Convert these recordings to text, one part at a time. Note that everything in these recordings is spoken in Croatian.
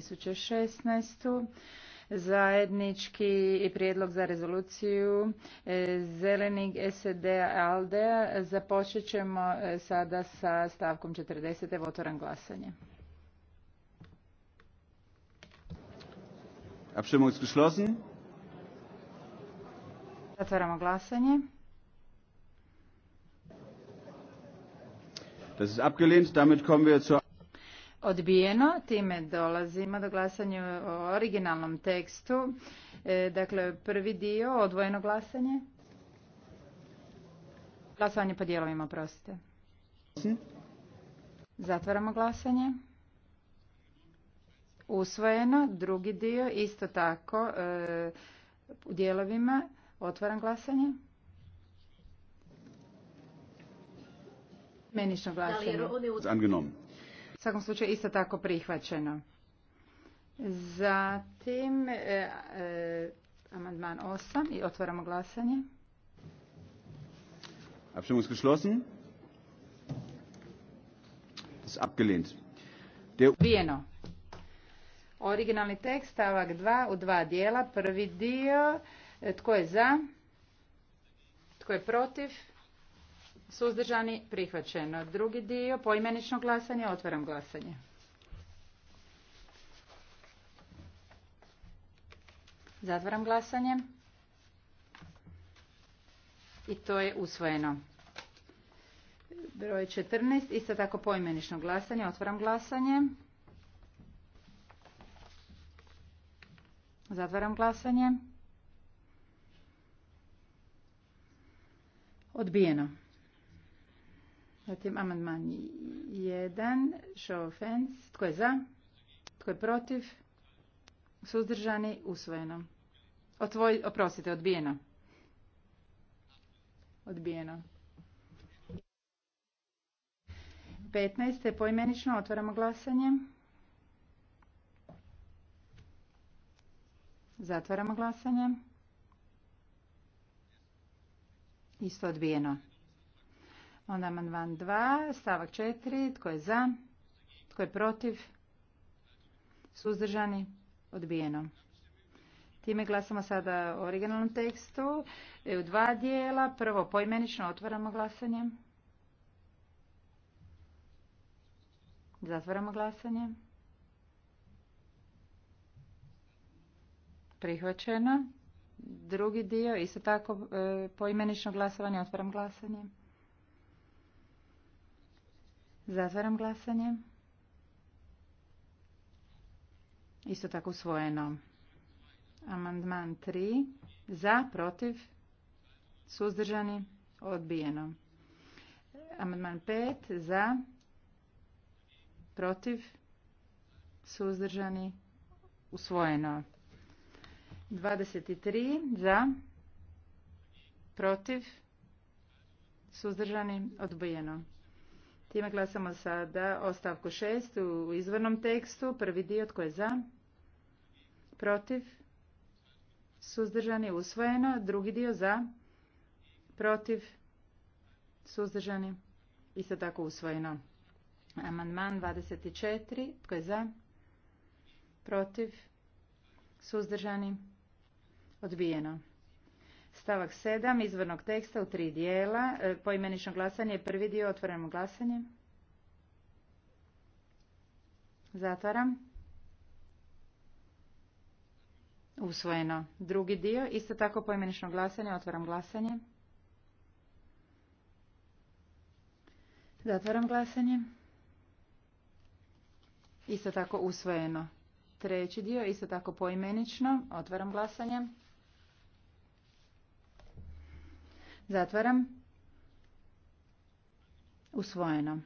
2016. Zajednički i prijedlog za rezoluciju e, zelenih SED ALDE. Započet ćemo e, sada sa stavkom 40. Votoran glasanje. Abstimmung ist geschlossen. Zatvaramo glasanje. Das ist abgelehnt. Damit kommen wir zur odbijeno. Time dolazimo do glasanja o originalnom tekstu. E, dakle, prvi dio, odvojeno glasanje. Glasanje po dijelovima, prostite. Zatvaramo glasanje. Usvojeno. Drugi dio, isto tako, e, u dijelovima. Otvaram glasanje. Menično glasanje. Angenommen. U svakom slučaju isto tako prihvaćeno. Zatim, e, e, amandman 8 i otvaramo glasanje. Abstimmung ist geschlossen. Ist abgelehnt. Der Vieno. Originalni tekst, stavak 2 u dva dijela. Prvi dio, e, tko je za, tko je protiv, Suzdržani prihvaćeno. Drugi dio poimenično glasanje. Otvaram glasanje. Zatvaram glasanje. I to je usvojeno. Broj 14. Isto tako poimenično glasanje. Otvaram glasanje. Zatvaram glasanje. Odbijeno. Zatim amandman 1, show offense. Tko je za? Tko je protiv? Suzdržani, usvojeno. Otvoj, oprostite, odbijeno. Odbijeno. 15. poimenično otvaramo glasanje. Zatvaramo glasanje. Isto odbijeno. Onda amandman 2, stavak 4, tko je za, tko je protiv, suzdržani, odbijeno. Time glasamo sada o originalnom tekstu e, u dva dijela. Prvo poimenično otvaramo glasanje. Zatvaramo glasanje. Prihvaćeno. Drugi dio, isto tako e, poimenično glasovanje, otvaram glasanje. Zatvaram glasanje. Isto tako usvojeno. Amandman 3. Za, protiv, suzdržani, odbijeno. Amandman 5. Za, protiv, suzdržani, usvojeno. 23. Za, protiv, suzdržani, odbijeno. Time glasamo sada o stavku 6 u izvornom tekstu. Prvi dio tko je za? Protiv? Suzdržani? Usvojeno. Drugi dio za? Protiv? Suzdržani? Isto tako usvojeno. Amandman 24. Tko je za? Protiv? Suzdržani? Odbijeno. Stavak 7 izvornog teksta u tri dijela. E, poimenično glasanje, je prvi dio, Otvorimo glasanje. Zatvaram. Usvojeno. Drugi dio, isto tako poimenično glasanje, otvaram glasanje. Zatvaram glasanje. Isto tako usvojeno. Treći dio, isto tako poimenično, otvaram glasanje. Zatvaram. Usvojeno.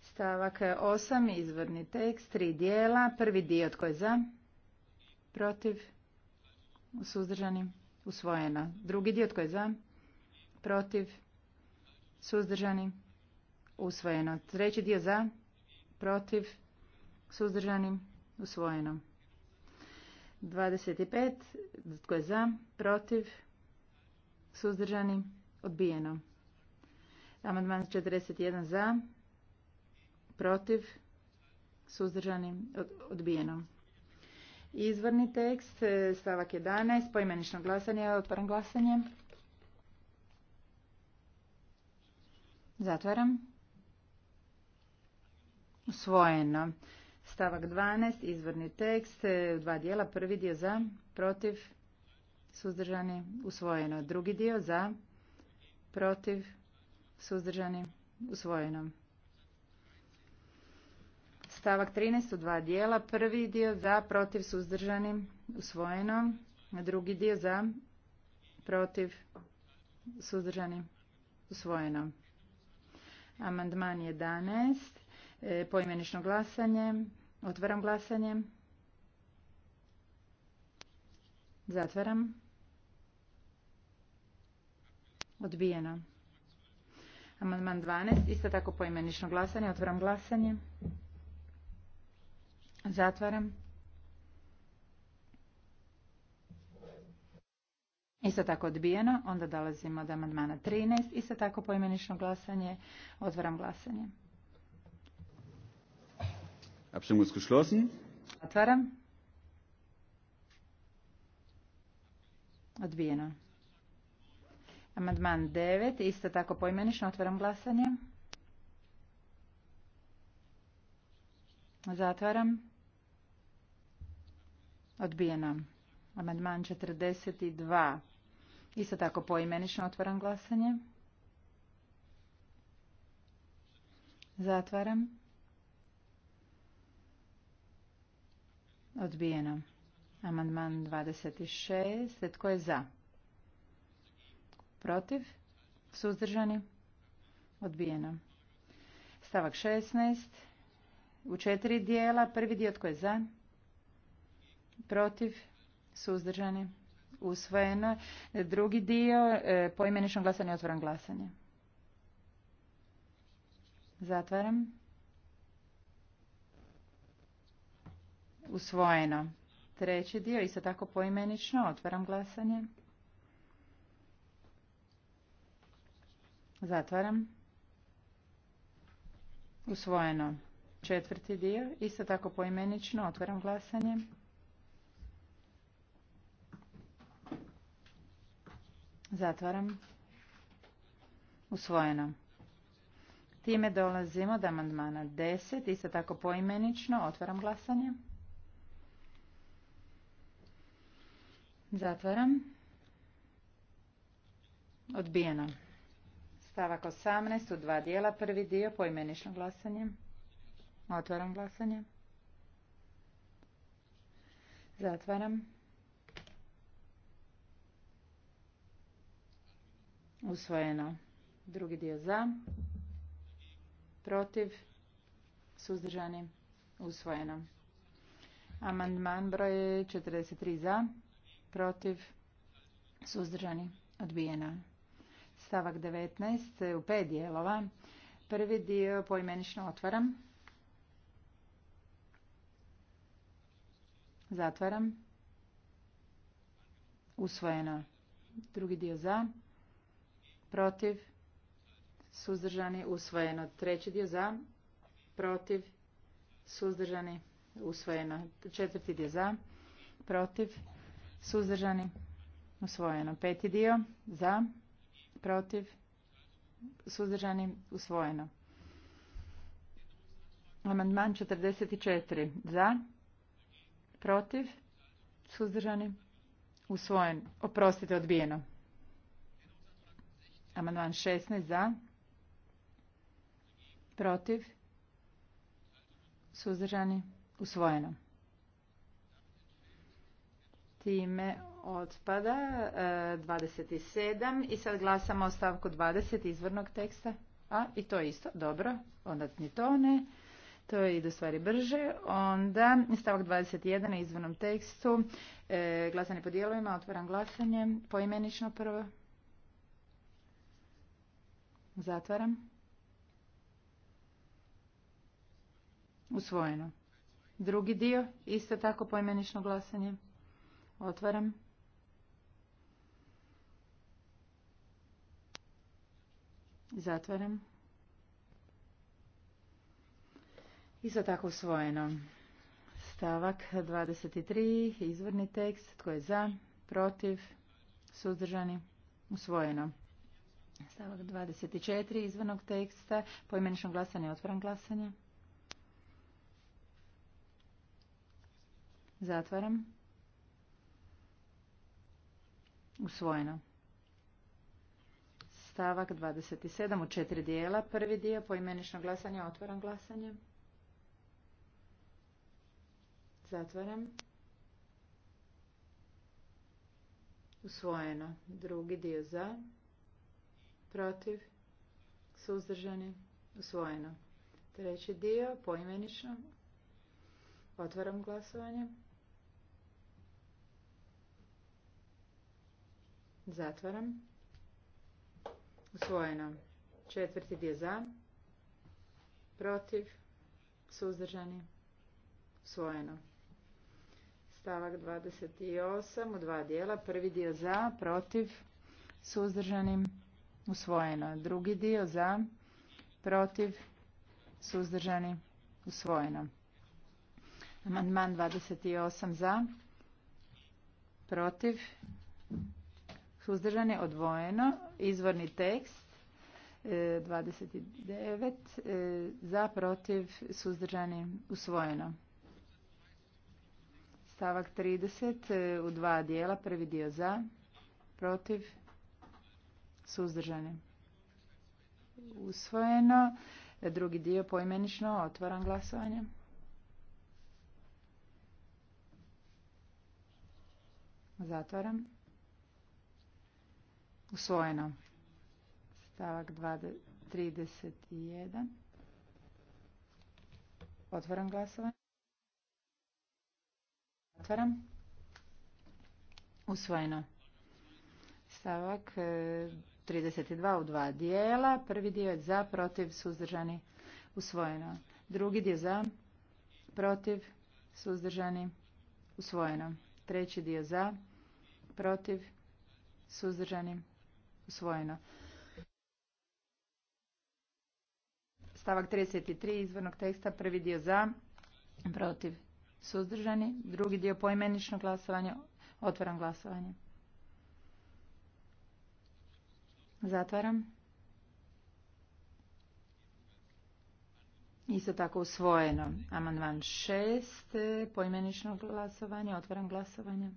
Stavak osam. Izvorni tekst. Tri dijela. Prvi dio tko je za? Protiv? Suzdržani? Usvojeno. Drugi dio tko je za? Protiv? Suzdržani? Usvojeno. Treći dio za? Protiv? Suzdržani? Usvojeno. 25. Tko je za? Protiv? Suzdržani? Odbijeno. Amandman 41 za. Protiv? Suzdržani? Odbijeno. Izvorni tekst, e, stavak 11, poimenično glasanje, otvaram glasanje. Zatvaram. Usvojeno. Stavak 12, izvorni tekst, e, dva dijela, prvi dio za, protiv, suzdržani, usvojeno. Drugi dio za, protiv, suzdržani, usvojeno. Stavak 13 u dva dijela. Prvi dio za, protiv, suzdržani, usvojeno. Drugi dio za, protiv, suzdržani, usvojeno. Amandman 11. E, poimenično glasanje. Otvaram glasanje. Zatvaram. Odbijeno. Amandman 12. Isto tako poimenično glasanje. Otvaram glasanje. Zatvaram. Isto tako odbijeno. Onda dolazimo do amandmana 13. Isto tako poimenično glasanje. Otvaram glasanje. Otvaram. Odbijeno. Amandman 9, isto tako poimenično, otvaram glasanje. Zatvaram. Odbijeno. Amandman 42. Isto tako poimenično otvaram glasanje. Zatvaram. Odbijeno. Amandman 26. Tko je za? Protiv? Suzdržani? Odbijeno. Stavak 16. U četiri dijela. Prvi dio tko je za? Protiv? Suzdržani? Usvojeno. Drugi dio. E, poimenično glasanje. Otvoram glasanje. Zatvaram. Usvojeno. Treći dio. Isto tako poimenično. Otvaram glasanje. Zatvaram. Usvojeno. Četvrti dio. Isto tako poimenično. Otvaram glasanje. Zatvaram. Usvojeno. Time dolazimo do amandmana 10. Isto tako poimenično. Otvaram glasanje. Zatvaram. Odbijeno. Stavak 18 u dva dijela. Prvi dio poimenično glasanje. Otvaram glasanje. Zatvaram. Usvojeno. Drugi dio za. Protiv. Suzdržani. Usvojeno. Amandman broj 43 za. Protiv. Suzdržani. odbijena Stavak 19 u pet dijelova. Prvi dio poimenično otvaram. Zatvaram. Usvojeno. Drugi dio za. Protiv. Suzdržani. Usvojeno. Treći dio za. Protiv. Suzdržani. Usvojeno. Četvrti dio za. Protiv. Suzdržani. Usvojeno. Peti dio za protiv, suzdržani, usvojeno. Amandman 44. Za, protiv, suzdržani, usvojen. Oprostite, odbijeno. Amandman 16. Za, protiv, suzdržani, usvojeno time otpada 27 e, i sad glasamo o stavku 20 izvornog teksta. A, i to isto, dobro, onda ni to ne. To je do stvari brže. Onda stavak 21 na izvornom tekstu. E, glasanje po dijelovima, otvaram glasanje. Poimenično prvo. Zatvaram. Usvojeno. Drugi dio, isto tako poimenično glasanje. Otvaram. Zatvaram. Isto tako usvojeno. Stavak 23. Izvorni tekst. Tko je za? Protiv? Suzdržani? Usvojeno. Stavak 24. Izvornog teksta. Poimenično glasanje. Otvaram glasanje. Zatvaram. Usvojeno. Stavak 27 u četiri dijela. Prvi dio poimenično glasanje. Otvaram glasanje. Zatvaram. Usvojeno. Drugi dio za. Protiv. Suzdržani. Usvojeno. Treći dio poimenično. Otvaram glasovanje. Zatvaram. Usvojeno. Četvrti dio za. Protiv. Suzdržani. Usvojeno. Stavak 28 u dva dijela. Prvi dio za, protiv, Suzdržani. usvojeno. Drugi dio za, protiv, suzdržani, usvojeno. Amandman 28 za, protiv, suzdržani, odvojeno, izvorni tekst, 29, e, e, za, protiv, suzdržani, usvojeno. Stavak 30, e, u dva dijela, prvi dio za, protiv, suzdržani, usvojeno, drugi dio poimenično, otvaram glasovanje. Zatvaram. Usvojeno. Stavak 31. otvoram glasovanje. Otvaram. Usvojeno. Stavak 32 e, u dva dijela. Prvi dio je za, protiv, suzdržani. Usvojeno. Drugi dio za, protiv, suzdržani. Usvojeno. Treći dio za, protiv, suzdržani usvojeno. Stavak 33 izvornog teksta, prvi dio za, protiv, suzdržani, drugi dio poimenično glasovanje, otvaram glasovanje. Zatvaram. Isto tako usvojeno. Amandman 6. Poimenično glasovanje. Otvaram glasovanje.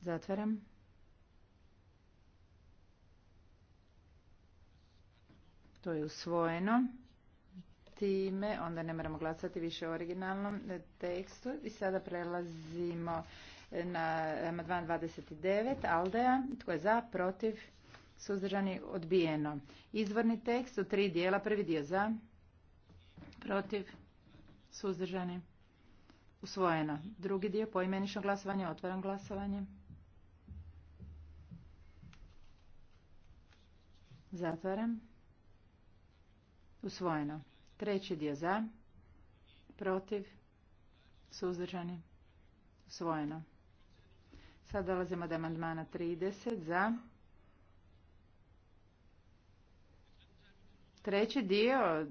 Zatvaram. To je usvojeno. Time onda ne moramo glasati više o originalnom tekstu. I sada prelazimo na amandman 29. Aldeja. Tko je za? Protiv? Suzdržani? Odbijeno. Izvorni tekst u tri dijela. Prvi dio za? Protiv? Suzdržani? Usvojeno. Drugi dio poimenično glasovanje. Otvaram glasovanje. Zatvaram. Usvojeno. Treći dio za. Protiv. Suzdržani. Usvojeno. Sad dolazimo do amandmana 30 za. Treći dio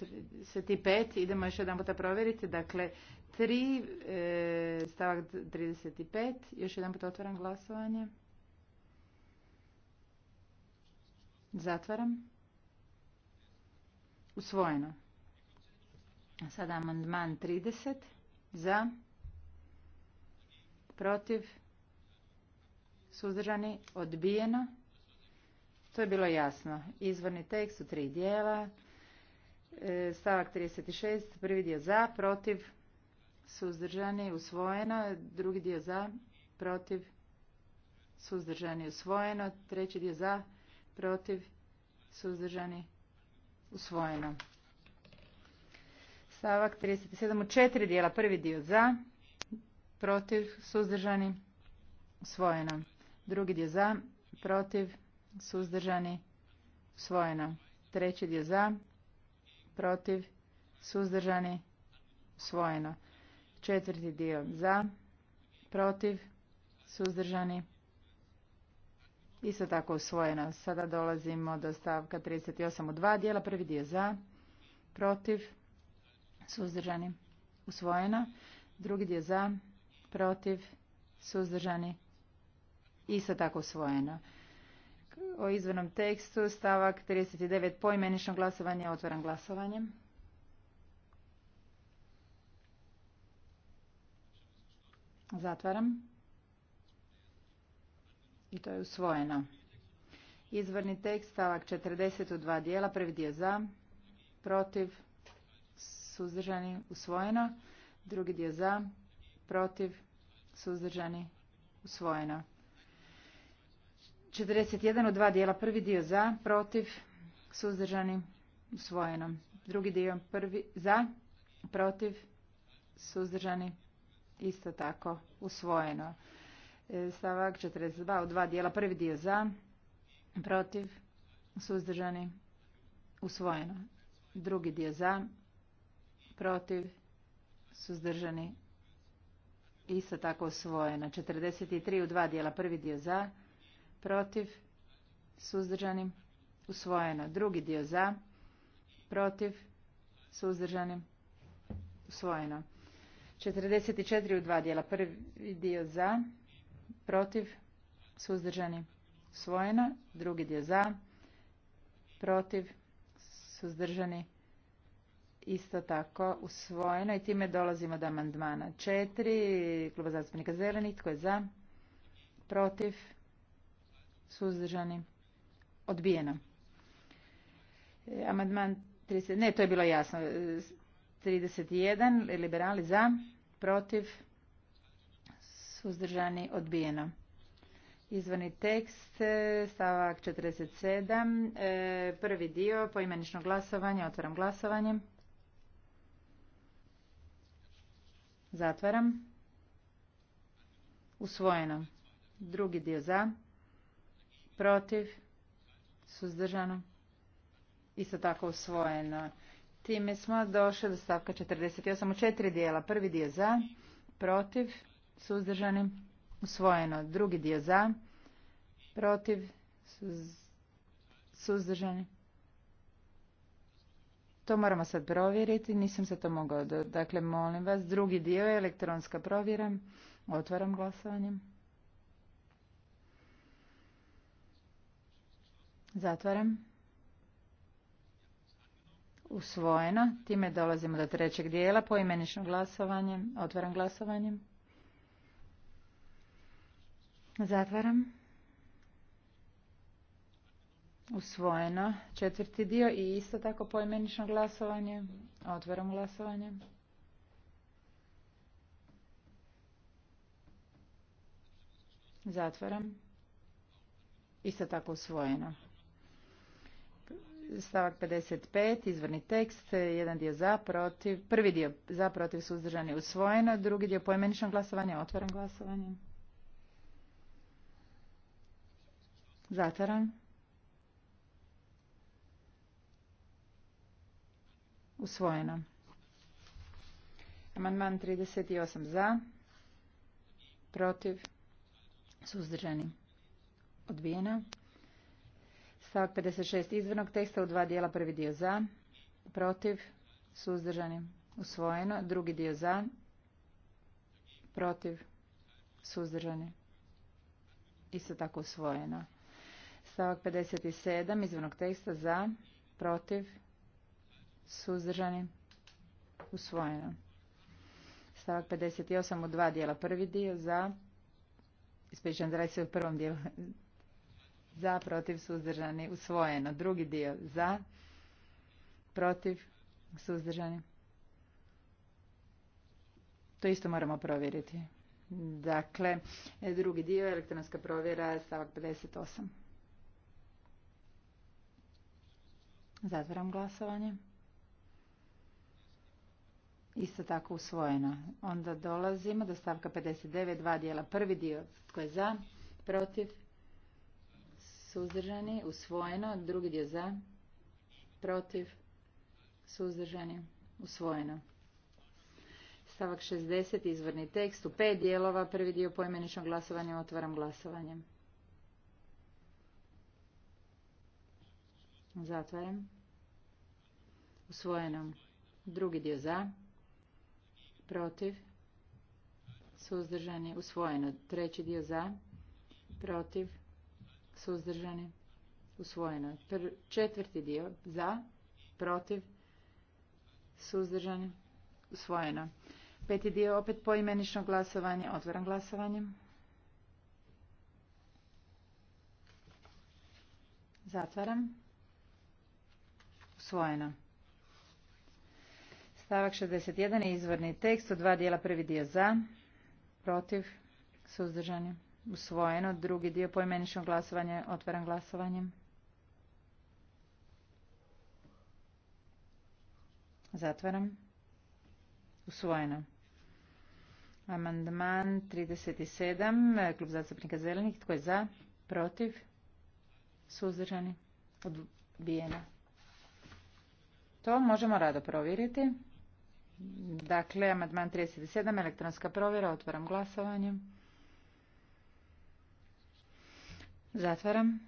35, idemo još jedan puta provjeriti, dakle tri e, stavak 35, još jedan puta otvaram glasovanje. Zatvaram. Usvojeno. Sada amandman 30. Za. Protiv. Suzdržani. Odbijeno. To je bilo jasno. Izvorni tekst u tri dijela. E, stavak 36. Prvi dio za. Protiv. Suzdržani. Usvojeno. Drugi dio za. Protiv. Suzdržani. Usvojeno. Treći dio za. Protiv. Suzdržani usvojeno. Stavak 37 u četiri dijela. Prvi dio za, protiv, suzdržani, usvojeno. Drugi dio za, protiv, suzdržani, usvojeno. Treći dio za, protiv, suzdržani, usvojeno. Četvrti dio za, protiv, suzdržani, Isto tako usvojeno. Sada dolazimo do stavka 38 u dva dijela. Prvi dio za, protiv, suzdržani, usvojeno. Drugi dio za, protiv, suzdržani, isto tako usvojeno. O izvornom tekstu stavak 39 poimenično glasovanje, otvoran glasovanjem. Zatvaram. I to je usvojeno. Izvorni tekst, stavak 40 u dva dijela. Prvi dio za, protiv, suzdržani, usvojeno. Drugi dio za, protiv, suzdržani, usvojeno. 41 u dva dijela. Prvi dio za, protiv, suzdržani, usvojeno. Drugi dio prvi za, protiv, suzdržani, isto tako usvojeno. Stavak 42 u dva dijela. Prvi dio za, protiv, suzdržani, usvojeno. Drugi dio za, protiv, suzdržani, isto tako usvojeno. 43 u dva dijela. Prvi dio za, protiv, suzdržani, usvojeno. Drugi dio za, protiv, suzdržani, usvojeno. 44 u dva dijela. Prvi dio za, protiv, suzdržani, usvojeno. Drugi dio za, protiv, suzdržani, isto tako usvojeno. I time dolazimo do amandmana 4, kluba zastupnika zelenih, tko je za, protiv, suzdržani, odbijeno. Amandman 30, ne, to je bilo jasno. 31, liberali za, protiv, suzdržani, odbijeno. Izvani tekst, e, stavak 47, e, prvi dio, poimenično glasovanje, otvaram glasovanje. Zatvaram. Usvojeno. Drugi dio za. Protiv. Suzdržano. Isto tako usvojeno. Time smo došli do stavka 48 u četiri dijela. Prvi dio za. Protiv suzdržani, usvojeno. Drugi dio za, protiv, suzdržani. To moramo sad provjeriti, nisam se to mogao. Do... Dakle, molim vas, drugi dio je elektronska provjera. Otvaram glasovanje. Zatvaram. Usvojeno. Time dolazimo do trećeg dijela. Poimenično glasovanjem. Otvaram glasovanje. Zatvaram. Usvojeno. Četvrti dio i isto tako poimenično glasovanje. Otvaram glasovanje. Zatvaram. Isto tako usvojeno. Stavak 55, izvorni tekst, jedan dio za, protiv, prvi dio za, protiv, suzdržani, usvojeno, drugi dio poimenično glasovanje, otvaram glasovanje. Zatvaram. Usvojeno. Amandman 38 za. Protiv. Suzdržani. Odbijeno. Stavak 56 izvornog teksta u dva dijela. Prvi dio za. Protiv. Suzdržani. Usvojeno. Drugi dio za. Protiv. Suzdržani. Isto tako usvojeno. Stavak 57 izvornog teksta za, protiv, suzdržani, usvojeno. Stavak 58 u dva dijela. Prvi dio za, ispričan da se u prvom dijelu, za, protiv, suzdržani, usvojeno. Drugi dio za, protiv, suzdržani. To isto moramo provjeriti. Dakle, drugi dio elektronska provjera stavak 58. Zatvaram glasovanje. Isto tako usvojeno. Onda dolazimo do stavka 59, dva dijela. Prvi dio tko je za, protiv, suzdržani, usvojeno. Drugi dio za, protiv, suzdržani, usvojeno. Stavak 60, izvorni tekst u pet dijelova. Prvi dio pojmeničnog glasovanja otvaram glasovanje. Zatvaram. Usvojeno. Drugi dio za. Protiv. Suzdržani. Usvojeno. Treći dio za. Protiv. Suzdržani. Usvojeno. četvrti dio za. Protiv. Suzdržani. Usvojeno. Peti dio opet poimenično glasovanje. Otvoram glasovanje. Zatvaram usvojeno. Stavak 61. Izvorni tekst u dva dijela. Prvi dio za, protiv, suzdržani, usvojeno. Drugi dio poimenično glasovanje. Otvaram glasovanjem. Zatvaram. Usvojeno. Amandman 37. Klub zastupnika zelenih. Tko je za? Protiv? Suzdržani? Odbijeno. To možemo rado provjeriti. Dakle, amandman 37, elektronska provjera, otvaram glasovanje. Zatvaram.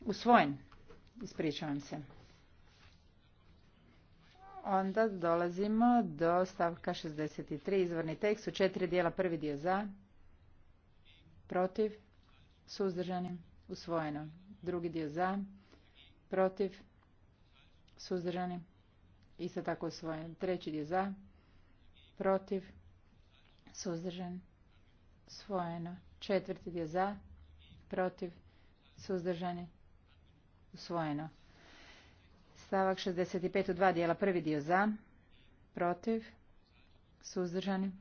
Usvojen. Ispričavam se. Onda dolazimo do stavka 63, izvorni tekst u četiri dijela, prvi dio za, protiv, suzdržanim, usvojeno, drugi dio za, protiv, suzdržani, isto tako usvojen. Treći dio za, protiv, suzdržani, usvojeno. Četvrti dio za, protiv, suzdržani, usvojeno. Stavak 65 u dva dijela. Prvi dio za, protiv, suzdržani,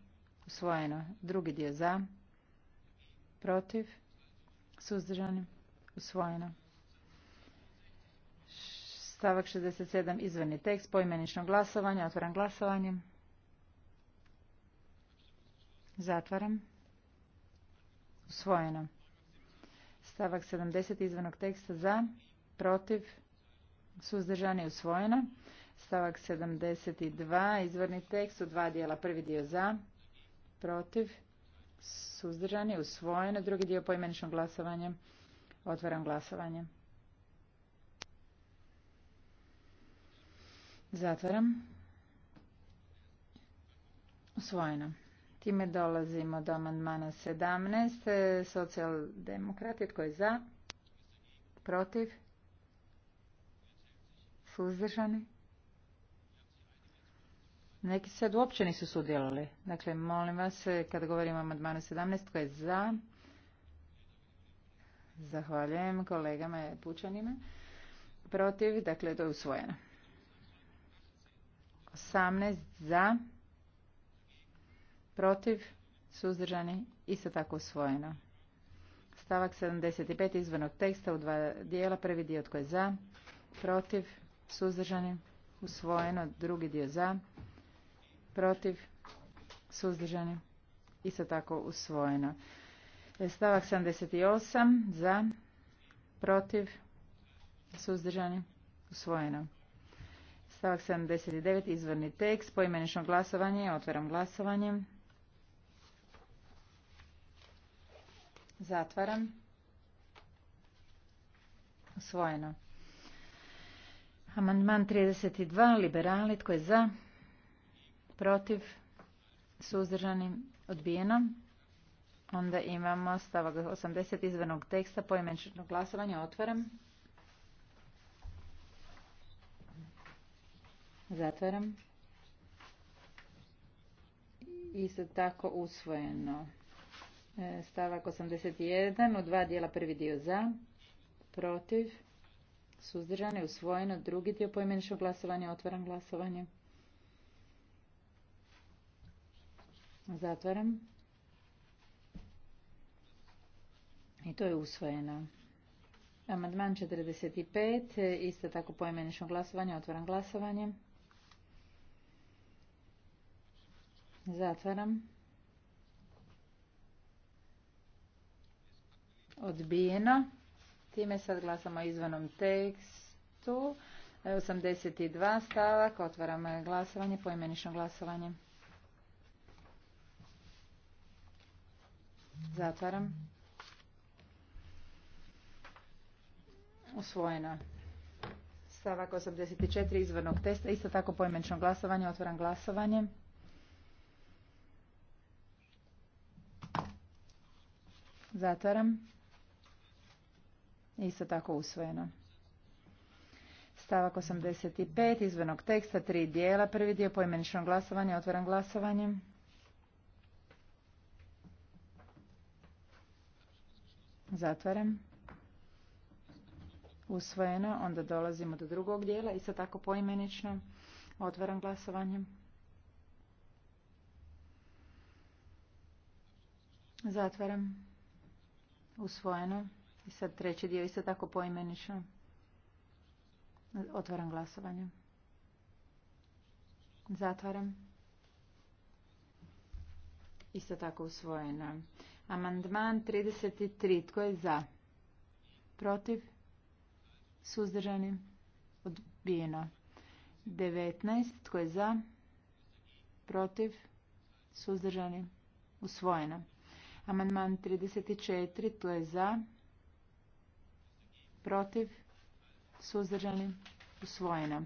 usvojeno. Drugi dio za, protiv, suzdržani, usvojeno. Stavak 67. Izvorni tekst. Poimenično glasovanje. Otvaram glasovanje. Zatvaram. Usvojeno. Stavak 70. Izvornog teksta. Za. Protiv. Suzdržani. Usvojeno. Stavak 72. Izvorni tekst. U dva dijela. Prvi dio za. Protiv. Suzdržani. Usvojeno. Drugi dio poimenično glasovanje. Otvaram glasovanje. Zatvaram. Usvojeno. Time dolazimo do amandmana 17. Socijaldemokrati, tko je za? Protiv? Suzdržani? Neki sad uopće nisu sudjelovali. Dakle, molim vas, kada govorimo o amandmanu 17, tko je za? Zahvaljujem kolegama pučanima. Protiv, dakle, to je usvojeno. 18 za, protiv, suzdržani, isto tako usvojeno. Stavak 75 izvornog teksta u dva dijela, prvi dio tko je za, protiv, suzdržani, usvojeno, drugi dio za, protiv, suzdržani, isto tako usvojeno. Stavak 78 za, protiv, suzdržani, usvojeno. Stavak 79. Izvorni tekst. Poimenično glasovanje. Otvaram glasovanje. Zatvaram. osvojeno. Amandman 32. Liberali. Tko je za? Protiv? Suzdržani? Odbijeno. Onda imamo stavak 80. izvornog teksta. Poimenično glasovanje. Otvaram. Zatvaram. Isto tako usvojeno. E, stavak 81 u dva dijela prvi dio za, protiv, suzdržan je usvojeno, drugi dio pojmeničnog glasovanje, otvaram glasovanje. Zatvaram. I to je usvojeno. Amandman 45, isto tako pojmeničnog glasovanje, otvaram glasovanje. Zatvaram. Odbijeno. Time sad glasamo izvanom tekstu. 82 stavak. Otvaram glasovanje, poimenično glasovanje. Zatvaram. Usvojeno. Stavak 84 izvornog testa. Isto tako poimenično glasovanje. Otvaram glasovanje. Zatvaram. Isto tako usvojeno. Stavak 85 izvenog teksta, tri dijela. Prvi dio poimenično glasovanje, otvaram glasovanje. Zatvaram. Usvojeno. Onda dolazimo do drugog dijela. Isto tako poimenično. Otvaram glasovanje. Zatvaram usvojeno. I sad treći dio isto tako poimenično. Otvaram glasovanje. Zatvaram. Isto tako usvojeno. Amandman 33. Tko je za? Protiv? Suzdržani? Odbijeno. 19. Tko je za? Protiv? Suzdržani? Usvojeno. Amandman 34. to je za? Protiv? Suzdržani? Usvojeno.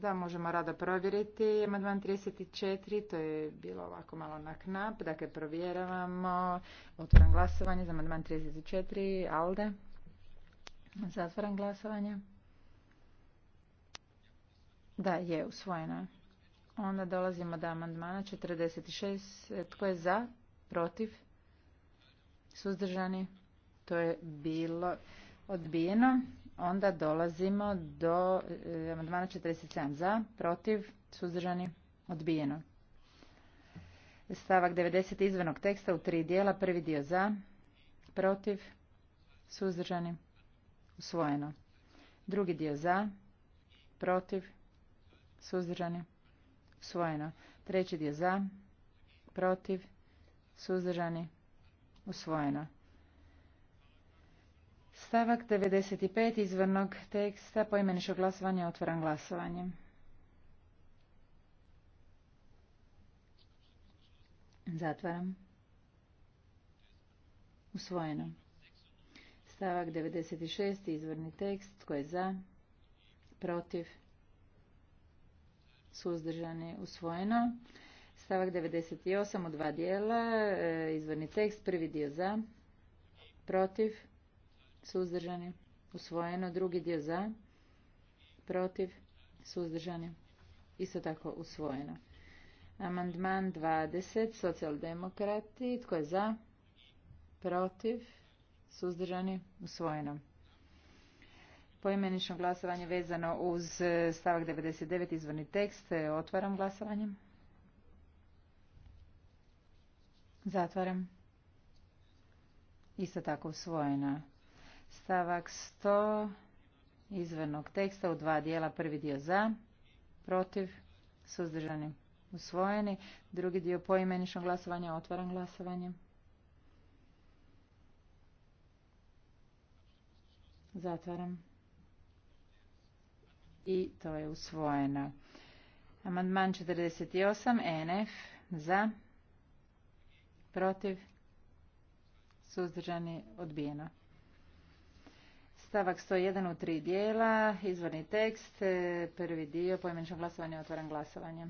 Da, možemo rada provjeriti. Amandman 34, to je bilo ovako malo na knap. Dakle, provjeravamo. Otvoram glasovanje za amandman 34. Alde. Zatvoram glasovanje. Da, je usvojeno. Onda dolazimo do amandmana 46. Tko je za? Protiv? Suzdržani? To je bilo odbijeno. Onda dolazimo do e, amandmana 47. Za? Protiv? Suzdržani? Odbijeno. Stavak 90. izvenog teksta u tri dijela. Prvi dio za? Protiv? Suzdržani? Usvojeno. Drugi dio za? Protiv? Suzdržani? usvojeno. Treći dio za, protiv, suzdržani, usvojeno. Stavak 95 izvornog teksta poimenično glasovanje otvaram glasovanje. Zatvaram. Usvojeno. Stavak 96. izvorni tekst. koji je za? Protiv? suzdržani usvojeno. Stavak 98 u dva dijela, e, izvorni tekst, prvi dio za, protiv, suzdržani, usvojeno, drugi dio za, protiv, suzdržani, isto tako usvojeno. Amandman 20, socijaldemokrati, tko je za, protiv, suzdržani, usvojeno. Poimenično glasovanje vezano uz e, stavak 99 izvorni tekst. E, otvaram glasovanje. Zatvaram. Isto tako usvojena. Stavak 100 izvornog teksta u dva dijela. Prvi dio za, protiv, suzdržani, usvojeni. Drugi dio poimenično glasovanje. Otvaram glasovanje. Zatvaram i to je usvojeno. Amandman 48, ENF, za, protiv, suzdržani, odbijeno. Stavak 101 u tri dijela, izvorni tekst, e, prvi dio, pojmenično glasovanje, otvaram glasovanje.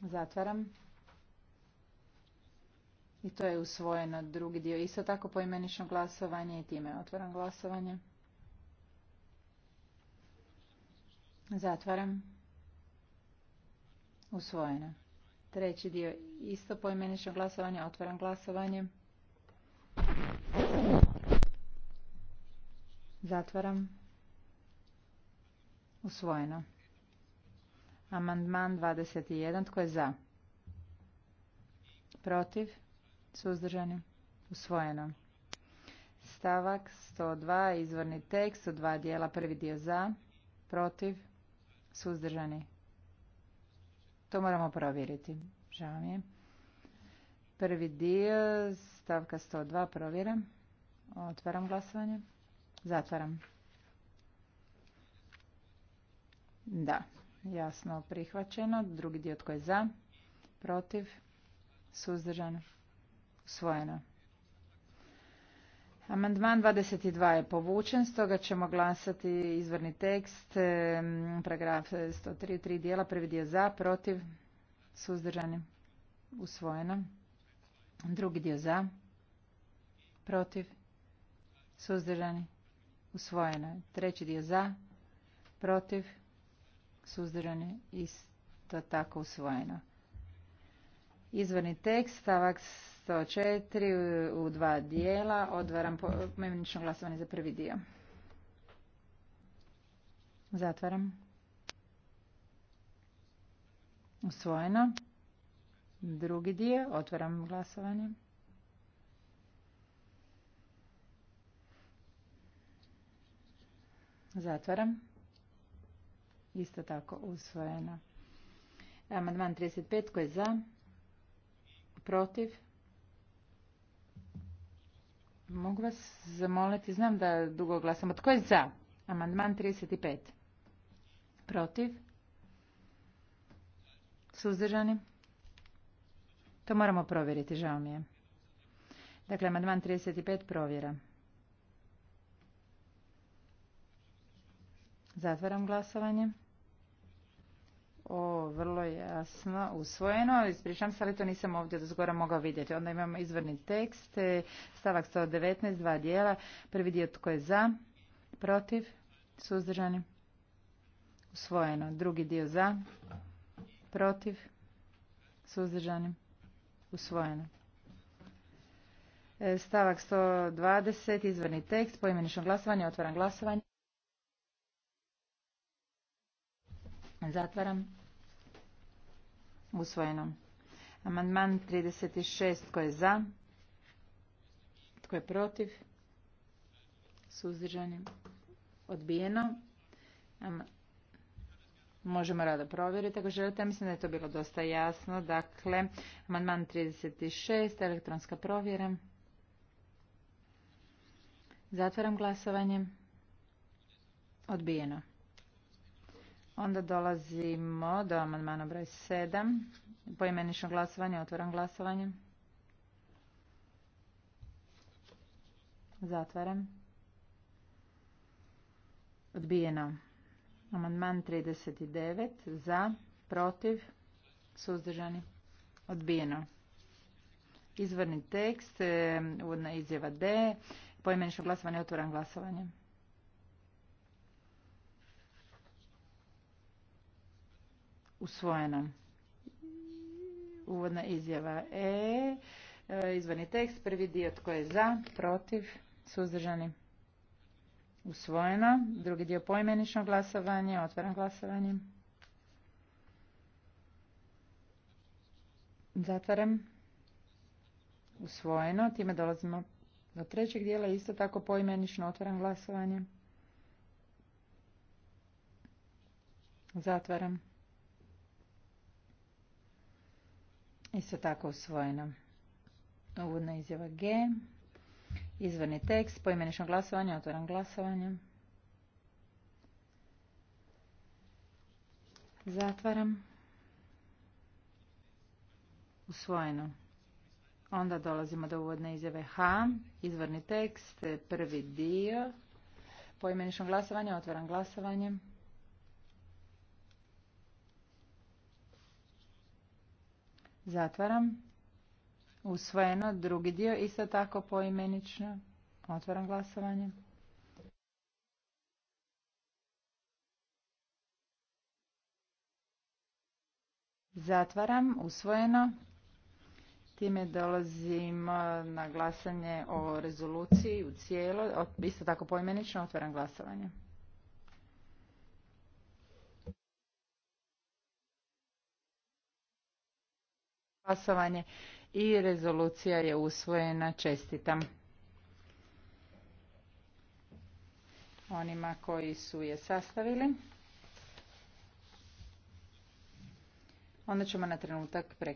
Zatvaram. I to je usvojeno drugi dio. Isto tako poimenično glasovanje i time otvaram glasovanje. Zatvaram. Usvojeno. Treći dio isto poimenično glasovanje. Otvaram glasovanje. Zatvaram. Usvojeno. Amandman 21. Tko je za? Protiv? Suzdržani? Usvojeno. Stavak 102. Izvorni tekst u dva dijela. Prvi dio za. Protiv? Suzdržani. To moramo provjeriti. Žao mi je. Prvi dio, stavka 102, provjeram. Otvaram glasovanje. Zatvaram. Da, jasno prihvaćeno. Drugi dio tko je za, protiv, suzdržan, usvojeno. Amandman 22 je povučen, stoga ćemo glasati izvorni tekst, paragraf 103, tri dijela, prvi dio za, protiv, suzdržani, usvojeno, drugi dio za, protiv, suzdržani, usvojeno, treći dio za, protiv, suzdržani, isto tako usvojeno. Izvorni tekst, stavak 104 u dva dijela. Odvaram poimenično glasovanje za prvi dio. Zatvaram. Usvojeno. Drugi dio. Otvaram glasovanje. Zatvaram. Isto tako usvojeno. Amandman 35. Tko je za? Protiv? Mogu vas zamoliti, znam da dugo glasamo. Tko je za? Amandman 35. Protiv? Suzdržani? To moramo provjeriti, žao mi je. Dakle, amandman 35 provjera. Zatvaram glasovanje o vrlo jasno usvojeno. Ispričam se, ali to nisam ovdje do zgora mogao vidjeti. Onda imamo izvorni tekst, e, stavak 119, dva dijela. Prvi dio tko je za, protiv, suzdržani, usvojeno. Drugi dio za, protiv, suzdržani, usvojeno. E, stavak 120, izvorni tekst, poimenično glasovanje, otvaram glasovanje. Zatvaram. Usvojeno. Amandman 36. Tko je za? Tko je protiv? Suzdržani. Odbijeno. Možemo rado provjeriti ako želite. Mislim da je to bilo dosta jasno. Dakle, amandman 36. Elektronska provjera. Zatvaram glasovanje. Odbijeno. Onda dolazimo do amandmana broj 7. Poimenično glasovanje, otvoram glasovanje. Zatvaram. Odbijeno. Amandman 39. Za, protiv, suzdržani. Odbijeno. Izvorni tekst, e, uvodna izjava D. Poimenično glasovanje, otvoram glasovanje. usvojeno. Uvodna izjava e, e. Izvorni tekst, prvi dio tko je za, protiv, suzdržani, usvojeno. Drugi dio poimenično glasovanje, otvaram glasovanje. Zatvaram. Usvojeno. Time dolazimo do trećeg dijela. Isto tako poimenično otvaram glasovanje. Zatvaram. Isto tako usvojeno. Uvodna izjava G. Izvorni tekst, poimenično glasovanje, otvoram glasovanje. Zatvaram. Usvojeno. Onda dolazimo do uvodne izjave H. Izvorni tekst, prvi dio. Poimenično glasovanje, otvoram glasovanje. Zatvaram. Usvojeno. Drugi dio isto tako poimenično. Otvaram glasovanje. Zatvaram. Usvojeno. Time dolazim e, na glasanje o rezoluciji u cijelo. Isto tako poimenično otvaram glasovanje. glasovanje i rezolucija je usvojena. Čestitam onima koji su je sastavili. Onda ćemo na trenutak pre